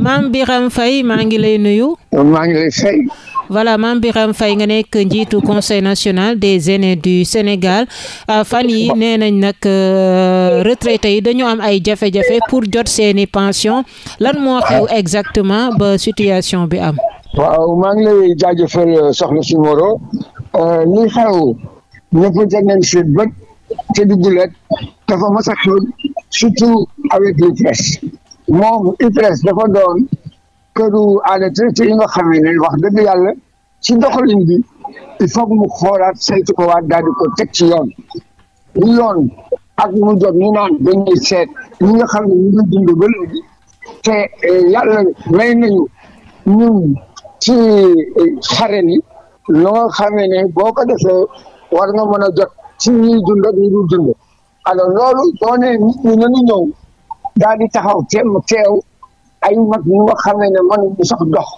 Mame Birame Faye maa ngi lay nuyu. maa ngi lay fay. nga nekk njiitu conseil national des aînés du Sénégal ah, fan yi nee nañ nag euh, retraités yi dañu am ay jafe-jafe pour jot seeni pension lan moo xew exactement ba situation bi am. waaw maa ngi lay jaajëfal euh, soxna si Moreau li xew ñëpp jag nañ seen bët te du gulet dafa mas a xew surtout avec les presse. moom IPRES dafa doon këru à la traité yi nga xam ne wax dëgg yàlla ci doxalin bi il faut mu xoolaat saytu ko waat daal di ko teg ci yoon bu yoon ak mu jot ñu naan dañuy seet ñi nga xam ñu ngi dund ba léegi te eh, yàlla may nañu ñun ci eh, xare ni loo ne boo ko defee war nga mën a jot ci ñuy dund ak ñu dul dund loolu soo nee nit ñi daal di taxaw teem teew ay mag ñu nga xam ne ne mënuñu sax dox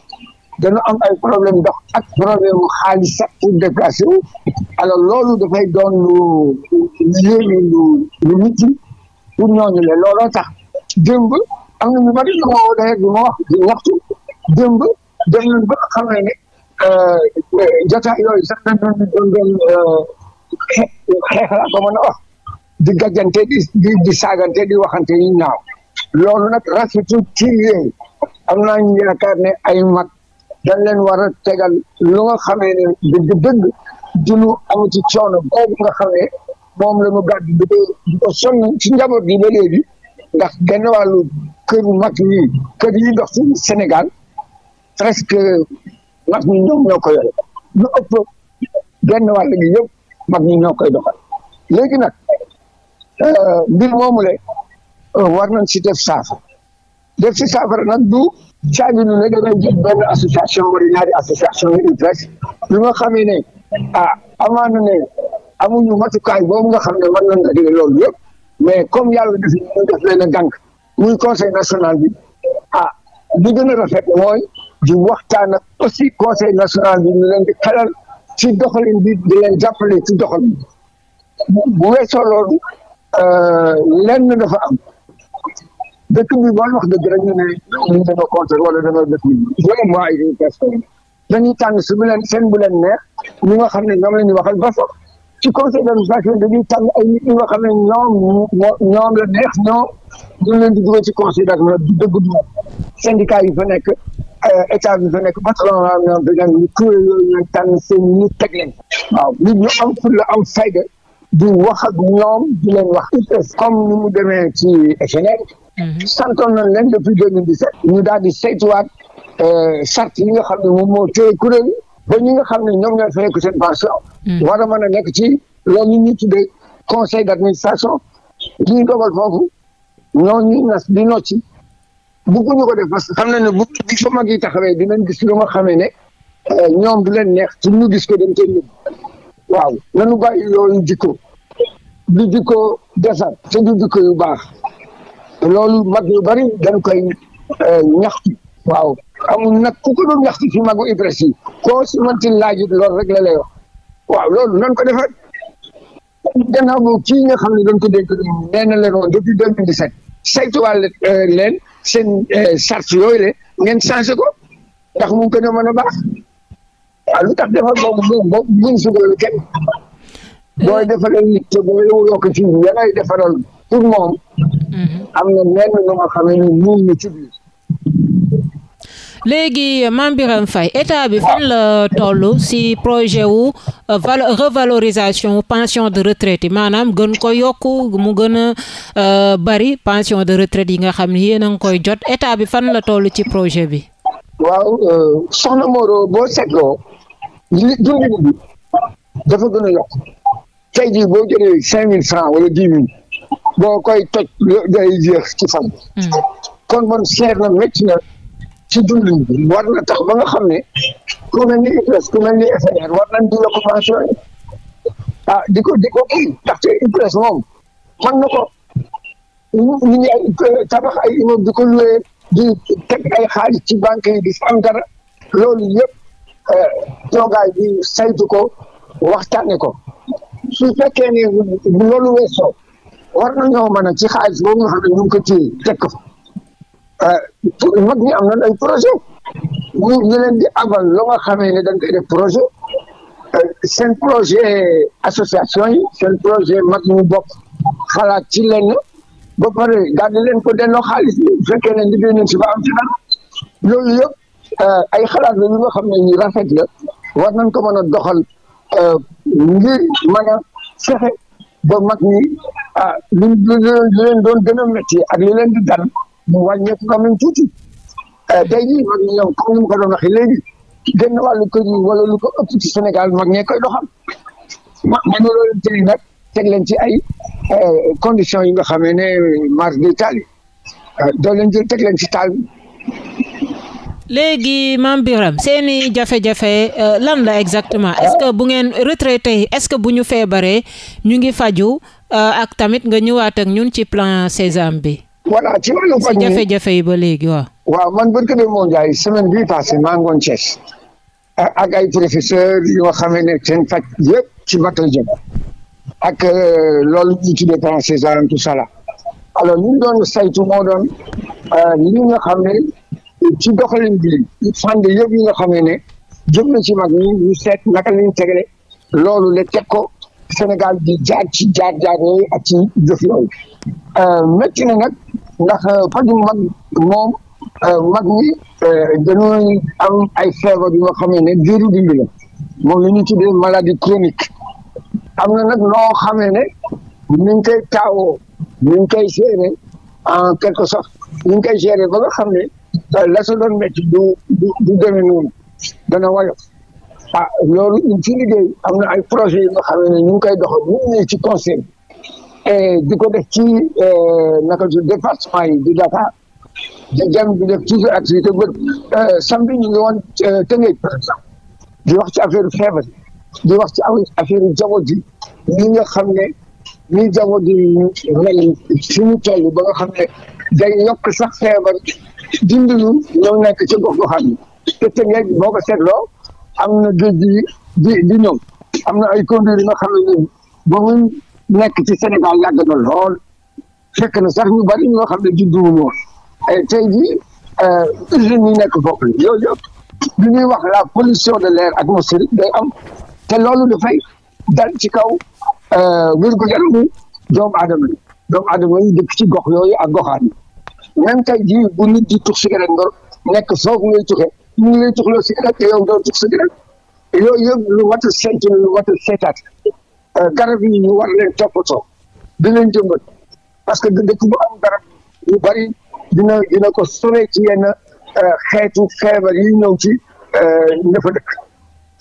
dana am ay problème dox ak problème mu xaalis sax pour wu alors loolu dafay doon lu léegi lu lu miti pour ñooñu le looloo tax démb am na ñu bari ñu ma woo ma wax di waxtu démb dem nañ ba xam ne ne euh, jotaay yooyu sax dañ euh, xeex laa ko mën a wax. di gajante di di saagante di waxante yi naaw loolu nag rafetul ci am naa ñu yaakaar ne ay mag dañ leen war a tegal lu nga xamee ne dëgg-dëgg du ñu am ci coono boobu nga xamee moom la ñu gàdd di ko di ci njaboot gi ba léegi ndax genn wàllu kër yu mag yi kër yi dox ci Sénégal presque mag ñi ñoom ëpp genn wàll gi mag ñi ñoo koy doxal léegi nag mbir moomu le euh, war nañ si def saafara def si saafara nag du caabi nu ne dangay jël benn association wala ñaari association yu presse lu nga xamee ne ah amaana ne amuñu matukaay boobu nga xam ne war nañ la déglu loolu yëpp mais comme yàlla def ñu def leen a gànk muy conseil national bi ah li gën rafet mooy di waxtaan ak aussi conseil national bi ñu leen di xelal ci doxalin bi di leen jàppale ci doxalin bu weesoo loolu. Euh, lenn dafa am dëkk bi booy wax dëgg rek ñu ne ñu dama contre wala dama dëkk bi jërëm waa ay personne dañuy tànn su bu leen seen bu leen neex ñi nga xam ne ñoom la ñu waxal ba sax ci conseil d'administration dañuy tànn ay nit ñi nga xam ne ñoom ñoom la neex ñoo ñu leen di dugal ci conseil d'administration dëgg du syndicat yi fa nekk euh, état bi fa nekk patron ñoom dañu leen kuréel yooyu ñu tànn seen nit teg leen waaw nit ñu am fulla am fayda di wax ak ñoom di leen wax IPRES comme nu mu demee ci Genève mhm. santoon nañ leen depuis 2017 ñu daal di saytuwaat euh, charte yi nga xam ne moom moo téye kuréel ba ñi nga xam ne ñoom ñooy fayeeku seen pension mhm. war a nekk ci loolu ñu tuddee conseil d'administration ñuy dogal foofu ñooñu nas di nocci bëgguñu ko def parce que xam na ne bu bi fa mag yi taxawee dinañ gis lu ma xamee ne euh, ñoom du leen neex ci ñu gis ko dañ koy waaw nanu bàyyi yoonu jikko du jikko desat te du jikko yu baax loolu mag yu bari dañ koy eh, ñaxtu waaw amul nag ku ko doon ñaxtu ci magu Ibres yi koo si mënti loolu rek la lay wax waaw loolu nan ko defar gannaaw boobu kii nga xam ne dañ ko ko nee na leen woon depuis 2017 saytuwaal eh, leen seen eh, charte yooyu le ngeen changé ko ndax mu gën a mën a baax waaw lu tax defar boobu moom boobu buñ sugal kenn eh. booy pour moom mm-hmm. am na lenn lu nga léegi Mame Birame Faye état bi fan la toll si projet wu euh, revalorisation pension de retraite yi maanaam gën ko yokk mu gën a euh, bari pension de retraite yi nga xam ne yéen a ngi koy jot état bi fan la toll ci projet bi waaw euh, soxna Moro boo seetloo ji dund bi dafa gën a yokk tey jii boo jëlee cinq mille francs wala dix mille boo koy toj day jeex ci fan. Hmm. kon man seer na métti na ci dundin bi war na tax ba nga xam ne ku mel ni IPRES ku mel ni FNR war nañ di la ko mentionné ah di ko di ko kii ndaxte IPRES ko ñu euh, tabax ay immeuble di ko loué di teg ay xaalis ci banque yi di am dara loolu yëpp. Eh, toogaay bi saytu ko waxtaane ko su fekkee ne loolu weesoo war nañoo mën a ci xaalis boobu nga xam ne ñu ngi ko téye eh, mag ñi am nañ ay projet ñu ñu leen di abal loo xamee ne dañ koy projet eh, seen projet association yi seen projet mag ñu bokk xalaat ci lenn ba pare daal di leen ko delloo xaalis bi si ba loolu yëpp Euh, ay xalaat la yu nga xam ne yu rafet la war nañ ko mën a doxal euh, ngir mën a fexe ba mag ñi ah li li leen doon gën a métti ak li leen di dal mu wàññeeku ko même tuuti euh, tey jii mag ñi ñoom comme mu ko doon waxee léegi génn wàllu kër yi wala lu ko ëpp ci mag ñee koy doxal ma mën loolu tey nag teg leen ci ay conditions yi nga xamee ne marge de taal doo leen jël teg leen ci taal léegi maam Birame seeni jafe-jafe euh, lan la exactement est-ce que bu ngeen retraité yi est-ce que bu ñu feebaree ñu ngi faju euh, ak tamit nga ñëwaat ak ñun ci plan Sésame bi. wala ci wàllu faj mi jafe-jafe ba léegi waaw. waaw man barke de moo Ndiaye semaine bii passé maa ngoon Thiès ak ay professeur yoo xamee ne seen faj yëpp ci bato jëm ak euh, loolu ñu tuddee plan Sésame euh, nga xam ci doxalin bi fànn yëpp yi nga xamee ne jëm na ci mag ñi ñu seet naka lañ tegale loolu la teg ko Sénégal di jaar ci jaar jaar yooyu ak ci jëf yooyu euh, métti na nag ndax euh, fajum mag euh, mag ñi dañuy am ay feebar yu nga xamee ne diiru dund moom la ñu tuddee maladie am na nag loo xamee ne ñu ngi koy taawoo ñu koy gérer en quelque sorte ñu ngi koy gérer ba nga xam ne la sa doon métti du du du demee noonu dana woyof ah loolu ñu ci liggéey am na ay projets yi nga xam ne ñu ngi koy doxal ñu ngi ci conseil et eh, di ko def ci eh, naka su département yi di Dakar di jëm di def toujours activité bu eh, samedi ñu ngi woon Tëngéej par exemple di wax ci affaire feebar di wax ci affaire jaww ji ñi nga xam ne ñi jaww ji ñu mel fi mu toll ba nga xam ne day yokk sax feebar dindinu ñëw nekk ci gox goxaan yi te Tëngéej boo ko seetloo am na géej gi ñëw am na ay conduire yi nga xam ne nii ba mu nekk ci Sénégal yàgg na lool fekk na sax ñu bari ñoo xam ne juddu wu ñu woon tey jii euh, usines yi nekk foofu yooyu yëpp li wax la pollution de l'air atmosphérique day am te loolu dafay dal ci kaw euh, wér gu yaramu doomu aadama yi doomu aadama yi dëkk ci gox yooyu ak goxaan yi même tey jii bu nit di tux cigarette nga nekk foofu ngay tuxe ñu ngi lay tuxloo cigarette te yow doo tux cigarette yooyu yëpp lu wat a saytu lu wat euh, yi ñu war leen toppatoo di leen jëmbat parce que dëkk bu am dara yu bari dina dina ko soree ci yenn euh, xeetu feebar yi ñëw ci dafa euh, dëkk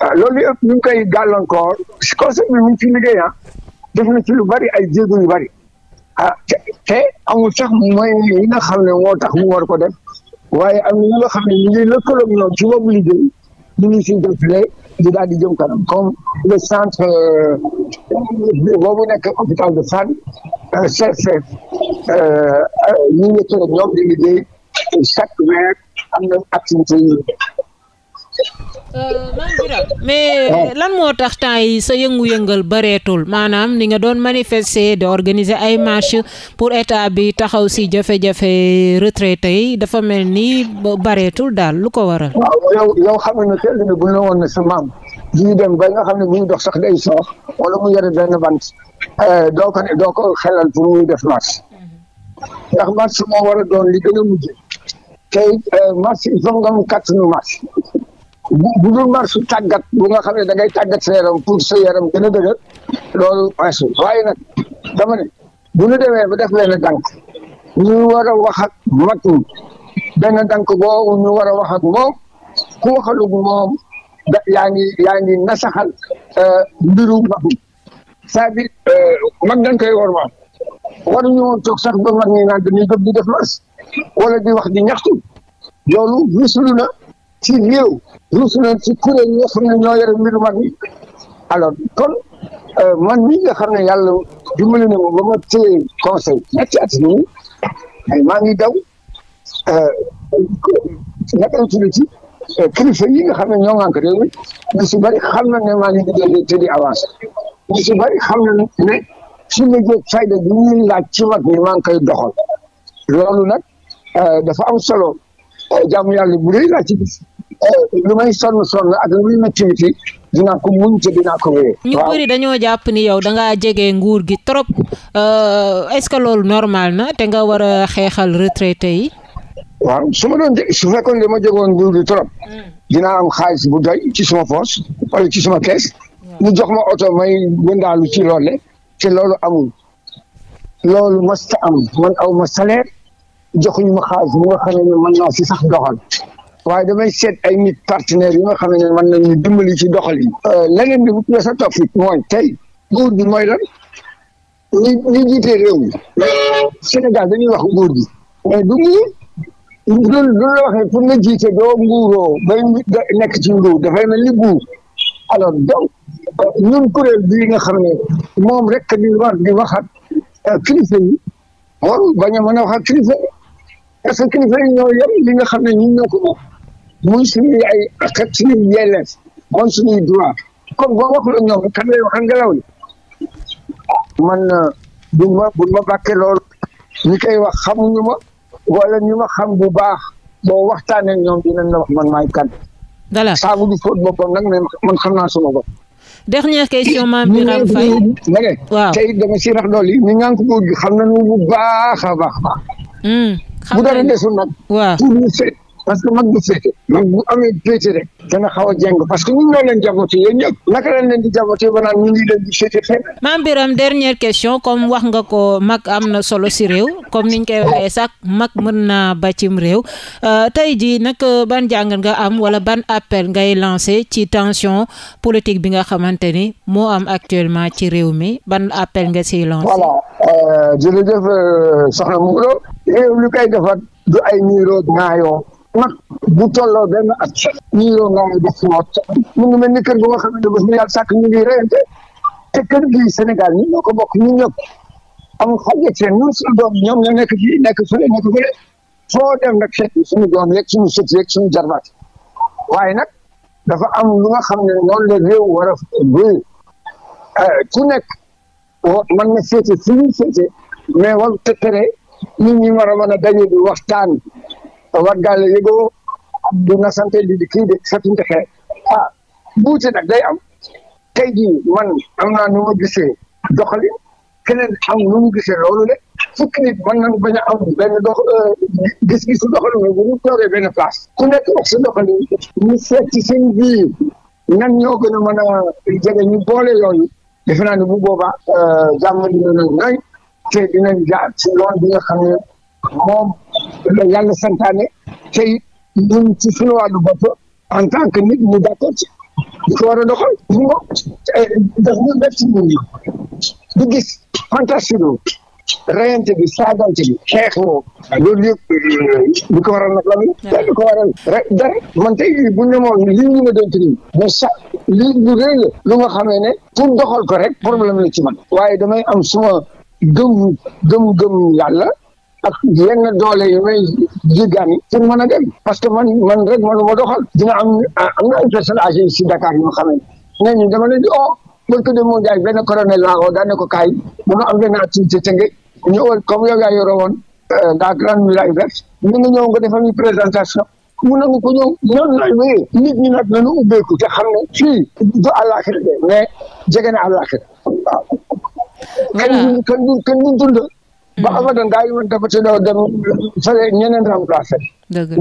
waaw ah, loolu yëpp ñu ngi koy gàllankoor si conseil bi mu ngi ci liggéey ah def na ci lu bari ay jéego yu bari ah, te amul sax moyen yi nga xam ne moo tax mu war ko def waaye am na ñi nga xam ne ñu ngi lëkkaloog ñoom ci boobu liggéey ñu ngi siy jëfle di kanam comme le centre euh, boobu nekk hôpital de Fann euh, CFF euh, ñu ngi lëkkaloog ñoom di liggéey chaque weer am na activité Euh, mais oh. lan moo tax temps yi sa yëngu-yëngal bareetul maanaam ni nga doon manifester di organiser ay marche pour état bi taxaw si jafe-jafe retraité yi dafa mel ni bareetul daal lu ko waral. waaw yow xam nga ne teel na bu ñu woon ne sa maam bi ñu dem ba nga xam ne bu dox sax day soox wala mu yore benn bant euh, doo ko ne doo ko xelal pour muy def marche ndax marche moo war doon li gën a mujj tey euh, marche il faut nga am kàttanu marche. bu bu dul marche tàggat bu nga xam ne da ngay tàggat sa yaram pour sa yaram gën a dëgër loolu marche waaye nag dama ne bu ñu demee ba def leen dànk ñu war a wax ak mag ñi benn dànk boobu ñu war a wax ak moom ku waxalug moom da yaa ngi yaa ngi nasaxal euh, mbiru mag ñi c'est-à-dire euh, mag dañ koy war maam waruñu woon toog sax ba mag ñi naan dañuy jóg di def marche wala di wax di ñaxtu loolu mislu na. ci réew ruus nañ ci kuréel yi nga ne ñoo yore mbiru mag yi alors kon euh, man mi nga xam ne yàlla dimbali na ma ba ma téye conseil ñetti at nii mais maa ngi daw naka la tudd ci euh, kilifa yi nga xam ne ñoo ŋànk réew mi ñu si bëri xam na ne maa ngi liggéey te di avancé ñu si bëri xam na ne su ma jóg fayda bi ñuy laaj ci mag mi maa ngi koy doxal loolu nag euh, dafa am solo jaamu yàlla bu rëy laa ci gis. Eh, lu may sonn sonn ak lu muy métti métti ko muñ te dinaa ko wéyee. ñu bëri dañoo jàpp ni yow da ngaa jege nguur gi trop euh, est-ce que loolu normal na te nga war a xeexal retraité yi. waaw su ma doon su fekkoon ne ma jegoon nguur gi trop dinaa am xaalis bu doy ci sama poche wala ci suma kees ñu jox ma oto may gëndaalu ci loole te loolu amul loolu masta am man aw ma salaire joxuñu ma xaalis bu nga xam man naa si sax doxal waaye damay seet ay nit partenaires yu nga xam ne mën nañu dimbali ci doxal yi euh, leneen bi bu tuddee sa topp mooy tey nguur gi mooy lan ñi ñi jiite réew mi Sénégal dañuy wax nguur gi mais du nguur loolu loolu la waxee pour nga jiite doo nguuroo bay nekk ci nguur dafay mel ni nguur alors donc ñun kuréel bii nga xam ne moom rek di war di waxat euh, kilifa yi warul bañ a mën a wax ak kilifa parce que ñoo yem li nga xam ne ñun na ko moom muy suñuy ay ak suñuy yelleef mooy suñuy droit comme boo waxul ak ñoom kan lay wax ak ngelaw man euh, buñ ma buñ ma bàkkee loolu ñi koy wax ma wala ñu ma xam bu baax boo waxtaanee ñoom dinañ la wax man maay kan. voilà saabu du fóot boppam nag man xam naa suma bopp. dernière question Mame Birame Faye ma ne. waaw tey dama si rax dool yi ñu naan xam bëgg xam bu baax a baax a baax. Hmm. xam nga bu doon desul nag. waaw pour ñu seet parce que mag bu féete rek dana xaw a parce que ñun ñoo leen jabote yéen ñëpp naka lañ leen di jabote ba naan ñu ngi leen di féete fenn. Mame Birame dernière question comme wax nga ko mag am na solo si réew comme niñ koy waxee sax mag mën naa ba cim réew euh, tey jii nag ban jàng nga am wala ban appel ngay lancé ci tension politique bi nga xamante ni moo am actuellement ci réew mi ban appel nga siy lancé. voilà euh, jërëjëf euh, soxna Mourou réew lu koy defar du ay niiroog naayoo. nag bu tolloo benn at ñu yoo nga def noot mu ngi mel ni kër gu nga xam ne bés bu yàlla sàkk ñu ngi reyante te kër gi Sénégal ñi ñoo ko bokk ñu ñëpp amul xaj ak seen ñun doom ñoom ñoo nekk fii nekk fële nekk fële foo dem nag suñu doom yeeg suñu sët yeeg suñu jarbaat waaye nag dafa am lu nga xam ne noonu la réew war a eh, ku nekk man na féete fu ñu féete mais waru te tere nit ñi war a mën a daje di waxtaan waggaale yëgoo du nasante di kii de satunte xee ah buute nag day am tey jii man am naa nu ma gisee doxalin keneen am nu mu gisee loolu de fukki nit mën nañu am benn dox euh, gis-gisu doxalin bu ñu toogee benn place ku nekk wax sa doxalin ñu seet ci seen biir nan ñoo gën a mën a ñu boole yooyu defe naa ne bu boobaa euh, jàmm dina nañ nay te dinañ jaar ci loon bi nga xam ne moom la yàlla santaane anne it ñun ci suñu wàllu bopp en tant que nit ñu d'accord ci di ko war a doxal ñu eh, daf ñu def ci ñun ñi di gis fantasiro bi saagante bi xeex woo loolu yëpp di ko waral nag lan la di ko waral rek dara man tey bu ñu moom lii ñu ne doon tënk mais sa lii xamee ne pour doxal ko rek problème la ci man waaye damay am suma gëm gëm yàlla ak yenn doole yi may jiggaani pour mën a dem parce que man man rek mënu ma doxal dina am am na ay personnes âgées si Dakar yoo xam ne ñu dama leen di oo oh, bër ko de moo jaay benn colonel laa oo daan ne ko kaay munu am benn activité te nga ñëwal comme yow yaa yoro woon euh, la grande muraille verte ñu nga ñëw nga présentation mu nangu ko ñëw noonu lay wéyee nit ñi nag nañu ubbeeku te xam ne fii du àllaaxira de mais jege na àllaaxira waaw kenn du kenn ba mm-hmm. abadan gaa yi woon dafa ci daw dem fële ñeneen remplacé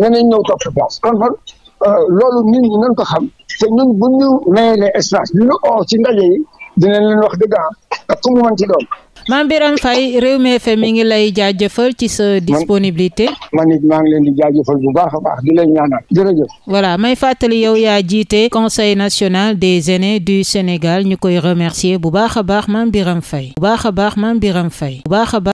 ñeneen ñëw toog sa place kon euh, loolu nit ñi nañ ko xam te ñun bu ñu mayelee espace bi ñu oo ci ndaje yi dinañ leen wax dëgg ah, ak ku mu mën doon Mame Birame Faye Rewmi FM mi ngi lay jaajëfal ci sa disponibilité man it maa ngi leen di jaajëfal bu baax a baax di leen ñaanal jërëjëf voilà may fàttali yow yaa jiite conseil national des aînés du Sénégal ñu koy remercier bu baax a baax Mame Birame Faye bu baax a baax Mame Birame Faye